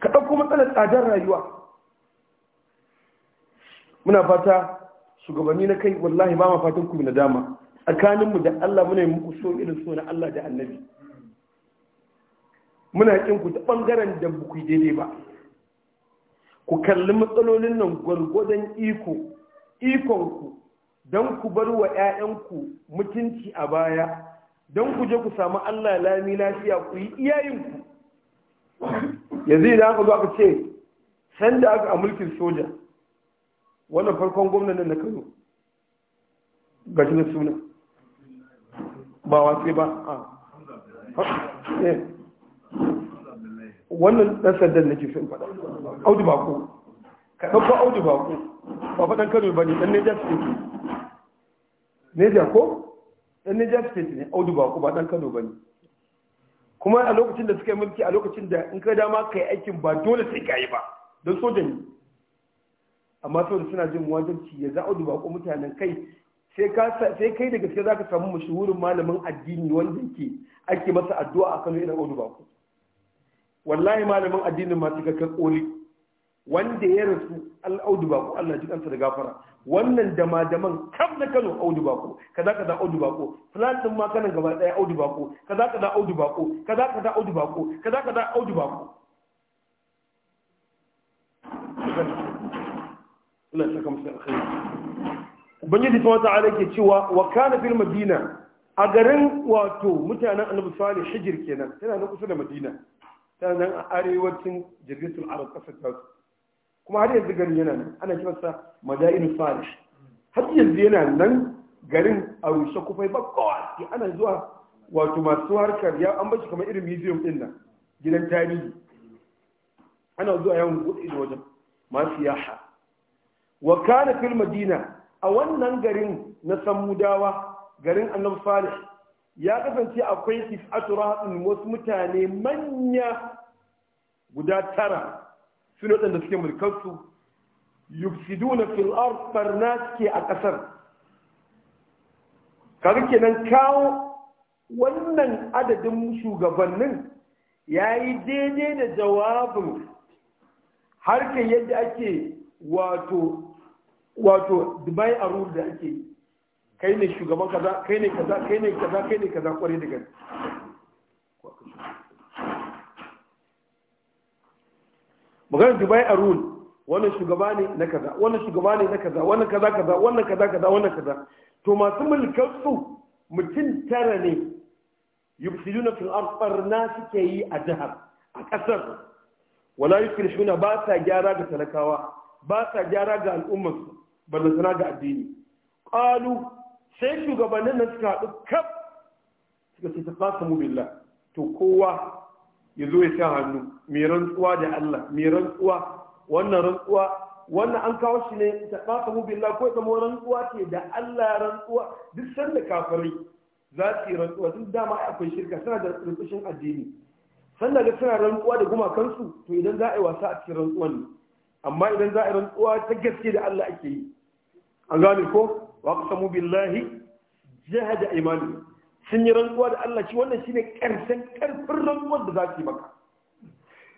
ka ɗauko matsalar tsadar rayuwa muna fata shugabanni na kai wallahi ba ma fatan ku na dama tsakaninmu da Allah muna yi muku so irin so na Allah da annabi muna kin ku ta bangaren da ku daidai ba ku kalli matsalolin nan gwargwadon iko ikonku don ku bar wa 'ya'yanku mutunci a baya don ku je ku samu allah lami lafiya ku yi iyayenku yanzu idan aka zo aka ce sanda aka a mulkin soja wannan farkon gwamnan na kano ga suna ba wasai ba a wannan ɗan sandan nake sun faɗa audu ku ka ɗauko audu ku ba faɗan kano ba ne ɗan niger state niger ko ɗan niger state ne audu ku ba ɗan kano ba ne kuma a lokacin da suka yi mulki a lokacin da in ka dama ka yi aikin ba dole sai ka yi ba don soja ne amma saboda suna jin wajenci ya za audu ku mutanen kai sai kai da gaske za ka samu mashahurin malamin addini wanda ke ake masa addu'a a kano irin audu ku wallahi malamin addinin ma kan koli wanda ya rasu al'audu bako Allah ji kansa da gafara wannan dama daman kaf da Kano audu bako kaza kaza audu bako flatin ma kanan gaba daya audu bako kaza kaza audu bako kaza kaza audu bako kaza kaza audu bako Allah ya saka musu alkhairi ubangiji ta wata ala ke cewa wa kana fil madina a garin wato mutanen annabi salih hijir kenan yana na kusa da madina sannan a arewacin jirgisul arab kasar ta kuma har yanzu garin yana nan ana kiransa madainu salih har yanzu yana nan garin a rushe kufai ba kowa ana zuwa wato masu harkar ya an bashi kamar irin museum din nan gidan tarihi ana zuwa yawon kuɗi da wajen masu yaha wa kana fil madina a wannan garin na samudawa garin annabi salih ya kasance akwai tis'atu ra'in wasu mutane manya guda tara su ne waɗanda suke mulkarsu yufsiduna fil ard barna suke a ƙasar kaga kenan kawo wannan adadin shugabannin ya yi daidai da jawabin harkar yadda ake wato wato dubai a da ake yi kai ne shugaban kaza kai ne kaza kai ne kaza kai ne kaza kwarai da gaske maganar a arun wannan shugaba ne na kaza wannan shugaba ne na kaza wannan kaza kaza wannan kaza kaza wannan kaza to masu mulkar su mutum tara ne yufsiduna fil ard barna suke yi a jihar a kasar wala yufsiduna ba sa gyara ga talakawa ba sa gyara ga al'ummar su balla sana ga addini qalu sai shugabannin nan suka haɗu kaf suka ce ta fasa mu billah to kowa ya zo ya sa hannu mai rantsuwa da Allah mai rantsuwa wannan rantsuwa wannan an kawo shi ne ta fasa mu billah ko zama rantsuwa ce da Allah rantsuwa duk sanda kafirai za su yi rantsuwa duk dama akwai shirka suna da rantsushin addini sanda ga suna rantsuwa da gumakansu to idan za a yi wasa a cikin rantsuwan ne amma idan za a yi rantsuwa ta gaske da Allah ake yi an gane ko wa aqsamu billahi jahada imani sun yi rantsuwa da Allah shi wannan shine karshen karfin rantsuwar da za su yi maka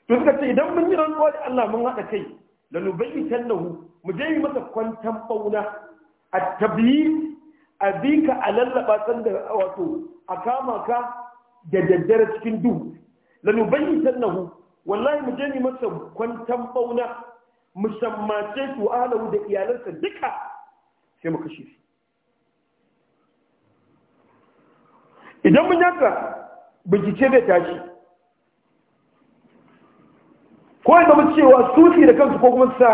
to suka ce idan mun yi rantsuwa da Allah mun haɗa kai lanubayyitannahu mu je yi masa kwantan bauna at tabyi abika alallaba san da wato a kama ka da daddare cikin duhu lanubayyitannahu wallahi mu je yi masa kwantan bauna musammace su ahlahu da iyalansa duka sai mu kashe su idan mun yanka bincike zai tashi ko ya zama cewa sufi da kansu ko kuma sa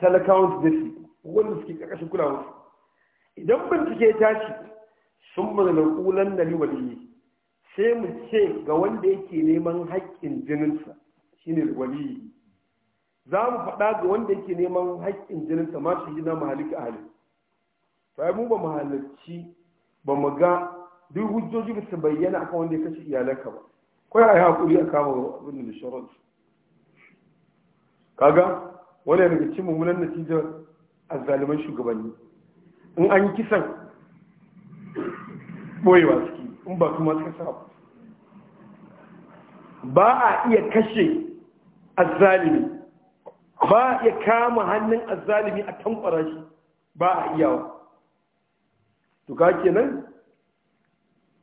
talakawan su dafi wanda suke kulawar su idan bincike ya tashi sun mana kulan da ni ne, sai mu ce ga wanda yake neman haƙƙin jininsa shine waliyi za mu faɗa ga wanda yake neman haƙƙin jininsa ma shi na mahalika ahalin sai mu ba mu halarci ba mu ga duk hujjoji ba su bayyana akan wanda ya kashe iyalanka ba ko ya yi hakuri a kama abin da sharon kaga wani daga cikin mummunan natijar azzaliman shugabanni in an yi kisan boyewa suke in ba kuma suka sa ba a iya kashe azzalimi ba a iya kama hannun azzalimi a tankwara shi ba a iyawa to ka kenan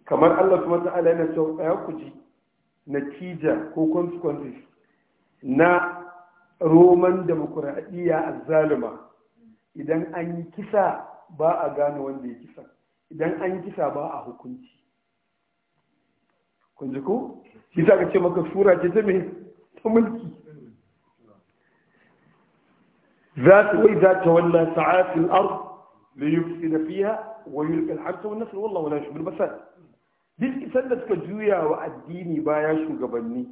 kamar Allah subhanahu wa ta'ala yana cewa ya ku ji natija ko consequences na roman demokuraɗiyya a zalima idan an yi kisa ba a gane wanda ya kisa idan an yi kisa ba a hukunci ji ko kisa ka ce maka sura ce ta me ta mulki za ta wai za ta wallan sa'afin arz ليفسد فيها ويلقي الحبس والنسل والله ولا يحب الفساد duk isan da suka juya wa addini baya shugabanni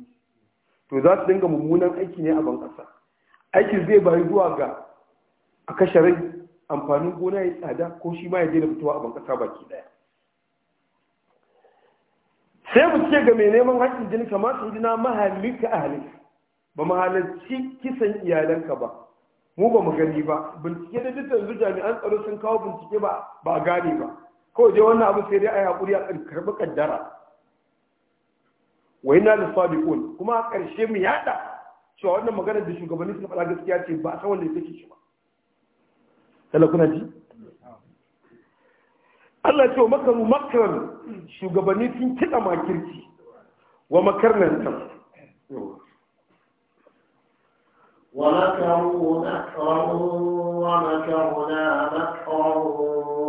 to za su dinga mummunan aiki ne a ban ƙasa zai bayi zuwa ga a kashe rai amfanin gona ya tsada ko shi ma ya daina fitowa a ban baki daya sai mu ce ga mai neman haƙƙin jini kamar su jina mahallinka ahli ba mahalarci kisan iyalanka ba mu ba mu gani ba bincike da dukkan su jami'an tsaro sun kawo bincike ba ba gane ba kawai dai wannan abu sai dai a hakuri a karɓi kaddara wai na da sadiqun kuma a ƙarshe mu yada cewa wannan maganar da shugabanni suka faɗa gaskiya ce ba a san wanda yake shi ba kala kuna ji Allah ce wa makaru makaran shugabanni sun kiɗa makirci wa makarnan tan ومكروا مكرا ومكرنا مكرا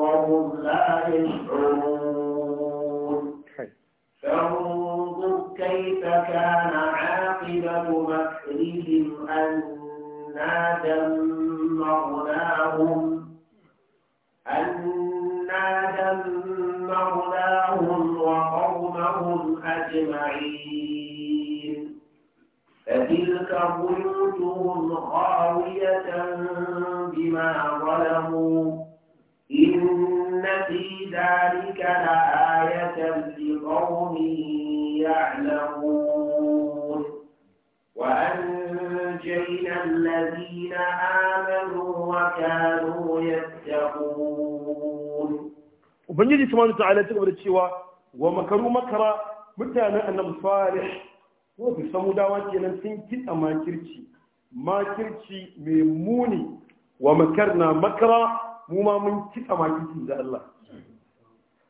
وهم لا يشعرون فانظر كيف كان عاقبة مكرهم أنا دمرناهم أنا دمرناهم وقومهم أجمعين فتلك بيوتهم خاوية بما ظلموا إن في ذلك لآية لقوم يعلمون وأنجينا الذين آمنوا وكانوا يتقون وبنجي سبحانه وتعالى تقبل الشيوى ومكروا مكرا متى أن مصالح su samudawa kenan sun kitsa makirci makirci mai muni wa makar na makara mu ma mun kitsa makirci da Allah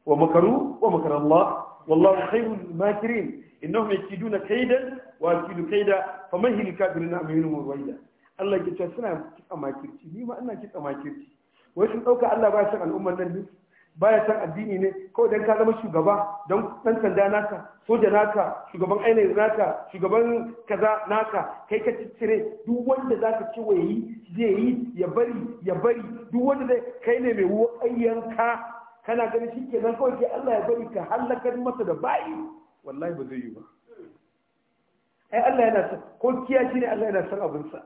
wa makaru wa makar Allah wallahu khairul makirin innahum yakiduna kaidan wa akidu kaida famahil kafirin amhilhum ruwaida Allah ya ce suna kitsa makirci ni ma ina kitsa makirci wai sun dauka Allah ba shi al'ummar nan duk baya san addini ne ko dan ka zama shugaba don dan sanda naka soja naka shugaban ainihin naka shugaban kaza naka kai ka ciccire duk wanda zaka ka wayi zai yi ya bari ya bari duk wanda zai kai ne mai ayyanka kana ganin shi kenan kawai ke Allah ya bari ka halakar masa da bayi wallahi ba zai yi ba ai Allah yana san ko kiya shi Allah yana san abinsa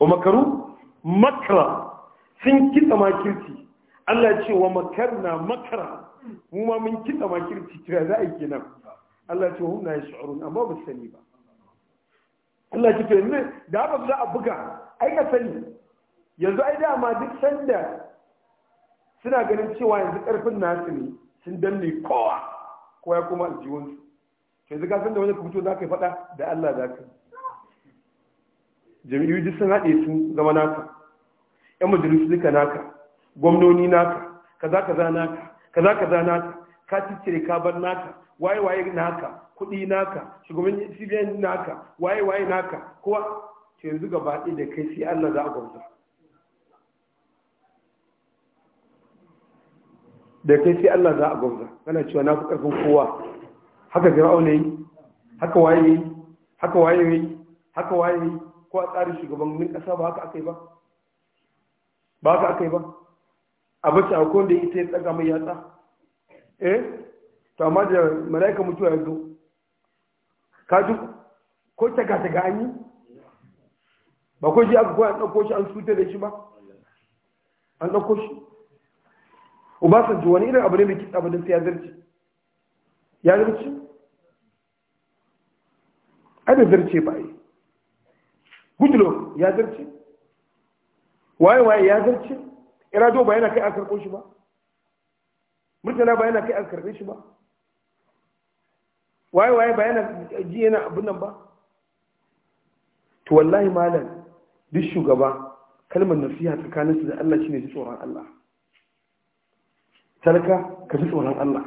wa makaru makra sun kitsa makirci Allah ce wa makarna makara mu ma mun kitsa makirci kira za a yi nan Allah ce hum la shi'urun amma ba sani ba Allah ce to yanzu da ba za a buga ai ka sani yanzu ai dama duk sanda suna ganin cewa yanzu karfin nasu ne sun danne kowa kowa ya koma aljihunsu yanzu ka san da wani kubuto za ka yi faɗa da Allah za ka jami'u duk sun haɗe sun zama naka yan majalisu duka naka gwamnoni naka kaza kaza naka kaza kaza naka ka ciccire ka bar naka waye waye naka kuɗi naka shugaban cbn naka waye waye naka kowa to yanzu gaba ɗaya da kai sai allah za a gwamza da kai sai allah za a gwamza kana cewa na fi ƙarfin kowa haka jama'a ne, haka waye haka waye haka waye ko a tsarin shugabannin ƙasa ba haka aka yi ba ba haka aka yi ba a bacci a ita ya tsaga mai yatsa eh to amma da mala'ika mutuwa ya zo ka ji ko taga taga an yi ba ko ji aka koya an ɗauko shi an cutar da shi ba an ɗauko shi ubasanci wani irin abu ne mai kitsa abin sai ya zarce ya zarce da zarce ba yi goodluck ya zarce waye waye ya zarce irado ba yana kai an karɓo shi ba murtala ba yana kai an karɓe shi ba waye waye ba yana ji yana abin nan ba to wallahi malam duk shugaba kalmar nasiha tsakanin su da Allah shine ji tsoron Allah talaka ka ji tsoron Allah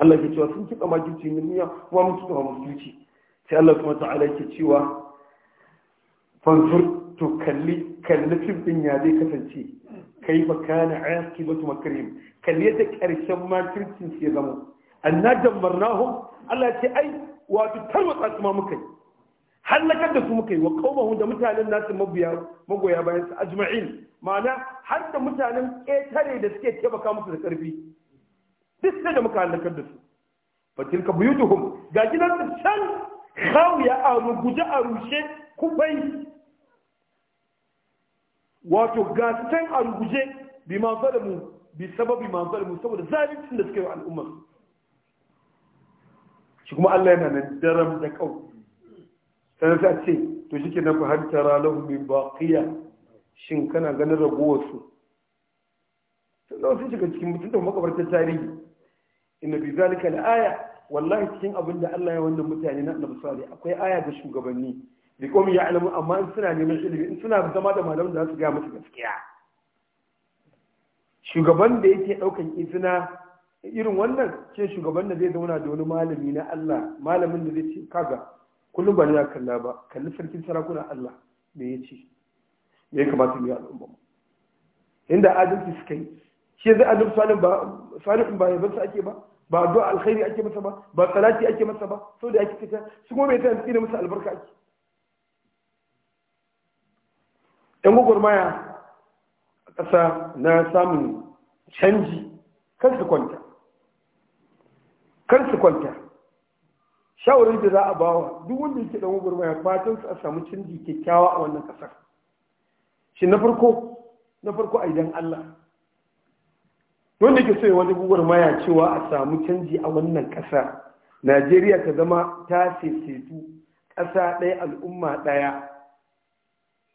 Allah ke cewa sun kiɗa makirci miya kuma musu tsoron musulci sai Allah kuma ta'ala ke cewa fansur to kalli kalli fim din ya zai kasance kai fa kana aqibatu makrihim Kalle yadda karshen makircin ya zama anna dammarnahum Allah ya ce ai wato tarwatsa su muka yi halakar da su muka yi wa qaumahum da mutanen nasu mabiya magoya bayan su ajma'in ma'ana har da mutanen ƙetare da suke taimaka musu da ƙarfi duk sai da muka halakar da su fatilka buyutuhum ga gidan su can khawiya a ruguje a rushe kufai wato gasitan a ruguje bi ma mu bi sababi ma mu saboda zalincin da suka yi al'ummar shi kuma Allah yana nan daram da kau sai ta ce to shi ke na fahimtara lahu bi baqiya shin kana ganin ragowar su sai sun shiga cikin mutum da makabarta tarihi inna bi zalika al-aya wallahi cikin abin da Allah ya wanda mutane na annabi sallallahu akwai aya ga shugabanni bi qawmi ya'lamu amma in suna neman ilimi in suna zama da malamin da za su ga musu gaskiya shugaban da yake daukan izina irin wannan ce shugaban da zai zauna da wani malami na Allah malamin da zai ce kaga kullum ba ni na kalla ba kalli sarkin sarakuna Allah me ya ce me ya kamata mu yi al'umma inda adalci suka yi shi yanzu annabi salih ba salih ba yabansa ake ba ba addu'a alkhairi ake masa ba ba salati ake masa ba saboda ake fita su kuma bai ta tsira masa albarka ake 'yan gwagwarmaya a ƙasa na samun canji kan su kwanta kan su kwanta shawarar da za a bawa duk wanda yake ɗan gwagwarmaya fatan su a samu canji kyakkyawa a wannan ƙasar shi na farko na farko a idan Allah wanda ke so ya wani gwagwarmaya cewa a samu canji a wannan ƙasa najeriya ta zama ta sesaitu ƙasa ɗaya al'umma ɗaya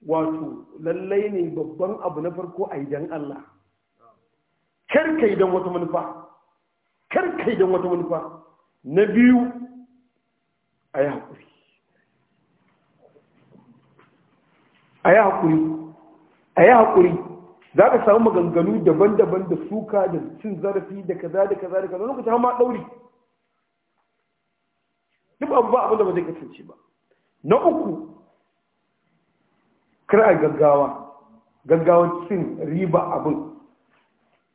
wato lallai ne babban abu na farko a idan Allah kar idan don wata manufa kar idan wata manufa na biyu a yi haƙuri a yi haƙuri a yi haƙuri za ka samu maganganu daban-daban da suka da cin zarafi da kaza da kaza da kaza lokacin hama ɗauri duk abu ba abin da ba zai kasance ba na uku kar a gaggawa gaggawa cin riba abin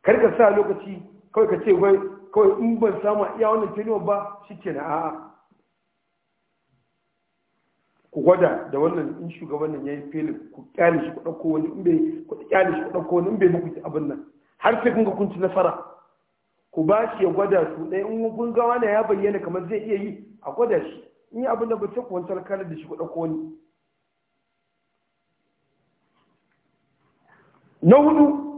kar ka sa lokaci kawai ka ce wai kawai in ban samu iya wannan tenor ba shi ke na a'a ku gwada da wannan in shugaban nan ya yi filin ku kyale shi ku ɗauko wani in bai ku kyale shi ku ɗauko wani in bai muku abin nan har sai kun ga kun ci nasara ku ba shi ya gwada su ɗaya in kun ga wani ya bayyana kamar zai iya yi a gwada shi in yi abin da ba sai ku wancan kare da shi ku ɗauko wani na hudu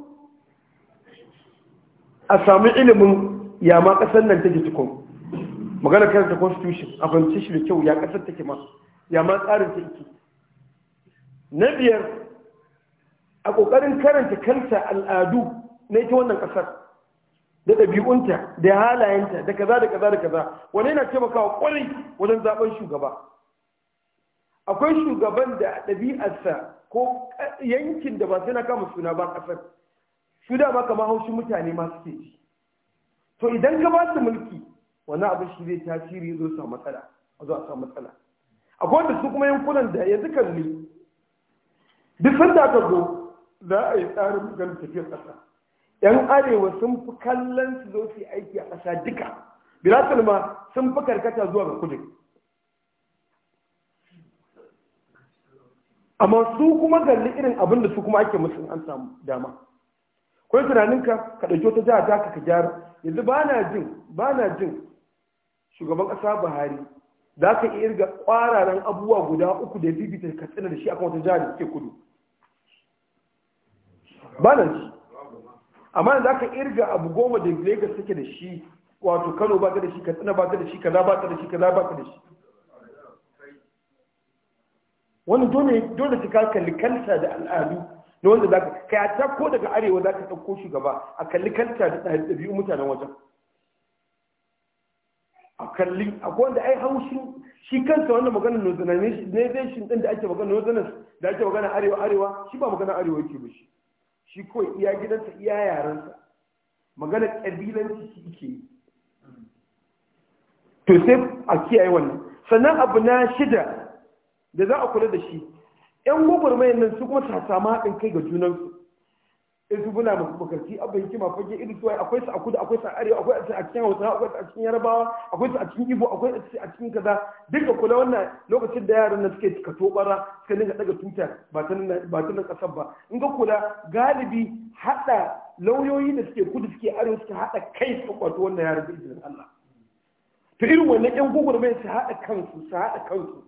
a sami ilimin yama kasar nan take tukun magana kan ta constitution a shi da kyau ya kasar take ma yama tsarin ta iki na biyar a kokarin karanta kanta al'adu na ita wannan kasar da ɗabi'unta da halayenta da kaza da kaza da kaza wani yana taimakawa kwarai wajen zaben shugaba akwai shugaban da ɗabi'arsa ko yankin da ba suna kama suna ba kasar su ba kamar haushi mutane masu suke to idan ka ba su mulki wani abin shi zai tasiri zo sa matsala a zo a sa matsala akwai kowace su kuma yankunan da yanzu ne duk sanda aka zo za a yi tsarin gan tafiyar ƙasa yan arewa sun fi kallon su zo su yi aiki a ƙasa duka biratul ma sun fi karkata zuwa ga kudin. amma su kuma galli irin abin da su kuma ake musu in an samu dama ko tunaninka ka ɗauki wata jiha ta ka gyara yanzu ba na jin ba na jin shugaban ƙasa buhari za ka iya irga kwararan abubuwa guda uku da bibita ka tsina da shi akan wata jiha da ke kudu ba na ji amma za ka irga abu goma da lagos take da shi wato kano ba ta da shi katsina ba ta da shi kaza ba ta da shi kaza ba ta da shi wani dole dole ka kalli kanta da al'adu na wanda zaka kai a ta ko daga arewa za ka shi shugaba a kalli kanta da dabi'u mutanen wajen a kalli akwai wanda ai haushin shi kanta wannan zai northernization din da ake magana northerners da ake magana arewa arewa shi ba magana arewa yake ba shi shi kawai iya gidansa iya yaransa magana kabilanci shi yake yi to sai a kiyaye wannan sannan abu na shida da za a kula da shi yan gwagwarmayan nan su kuma ta samu haɗin kai ga junansu in su bula makarci abin hikima fage irin suwaye akwai su a kudu akwai su a arewa akwai su a cikin hausa akwai su a cikin Yarbawa, akwai su a cikin ibo akwai su a cikin kaza duka kula wannan lokacin da yaran nan suke cika tobara suka dinga daga tutar ba ta nan kasar ba in ga kula galibi haɗa lauyoyi da suke kudu suke arewa suke haɗa kai su kwato wannan yaran da izinin Allah Ta irin wannan yan gugurmai su haɗa kansu su haɗa kansu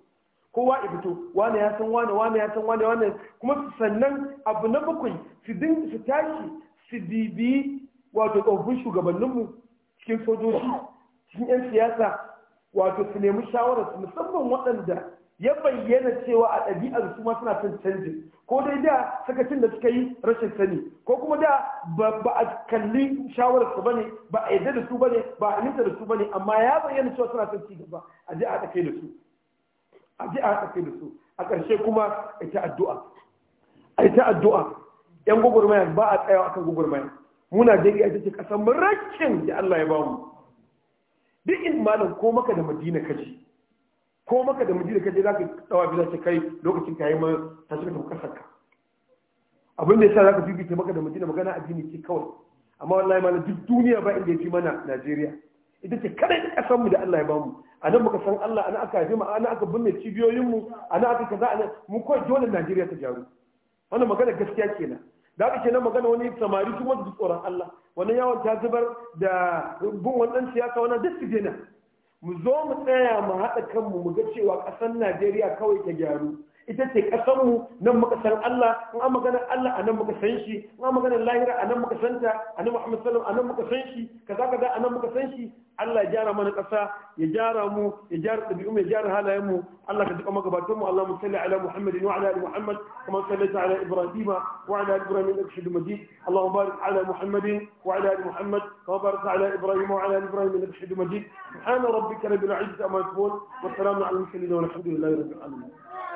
kowa ya fito wane ya san wane wane ya san wane wane kuma sannan abu na bakwai su din su tashi su bibi wato tsoffin shugabanninmu cikin sojoji cikin 'yan siyasa wato su nemi su musamman waɗanda ya bayyana cewa a ɗabi'ar su ma suna son canji ko dai da sakacin da suka yi rashin sani ko kuma da ba a kalli shawarar su bane ba a yadda da su bane ba a aminta da su bane amma ya bayyana cewa suna son ci gaba a je a kai da su a ji a haka da su a ƙarshe kuma a ta addu'a a ta addu'a yan gwagwarmaya ba a tsayawa akan gwagwarmaya muna Najeriya ita ce ƙasar marakin da Allah ya bamu duk in malam ko maka da Madina kaji ko maka da Madina kaji zaka dawa bi zaka kai lokacin ka yi ma ta shiga kasar ka abin da ya za ka fifita maka da Madina magana addini ce kawai amma wallahi malam duk duniya ba inda ya fi mana Najeriya ita ce kadai ƙasar mu da Allah ya bamu a nan muka san Allah ana aka haifi mu ana aka binne cibiyoyin mu ana aka kaza ana mu ko dole Najeriya ta gyaru wannan magana gaskiya kenan da aka kenan magana wani samari kuma da tsoron Allah wannan yawon ta zubar da bin wannan siyasa wannan da su mu zo mu tsaya mu haɗa kanmu mu ga cewa ƙasar Najeriya kawai ta gyaru ita ce kasanmu nan muka san Allah in an magana Allah a nan muka san shi in an magana lahira a nan muka san ta a nan Muhammad sallam a nan muka san shi kaza kaza a nan muka san shi Allah ya gyara mana ƙasa ya gyara mu ya gyara ɗabi'u ya gyara halayen mu Allah ka duka magabatan mu Allahumma salli ala Muhammadin wa ala muhammad kuma kama sallaita ala Ibrahim wa ala ali Ibrahim innaka Hamidum Majid Allahumma barik ala Muhammadin wa ala ali Muhammad kama barakta ala Ibrahim wa ala ali Ibrahim innaka Hamidum Majid subhana rabbika rabbil izzati amma yasifun wa salamun ala al mursalin والحمد لله رب العالمين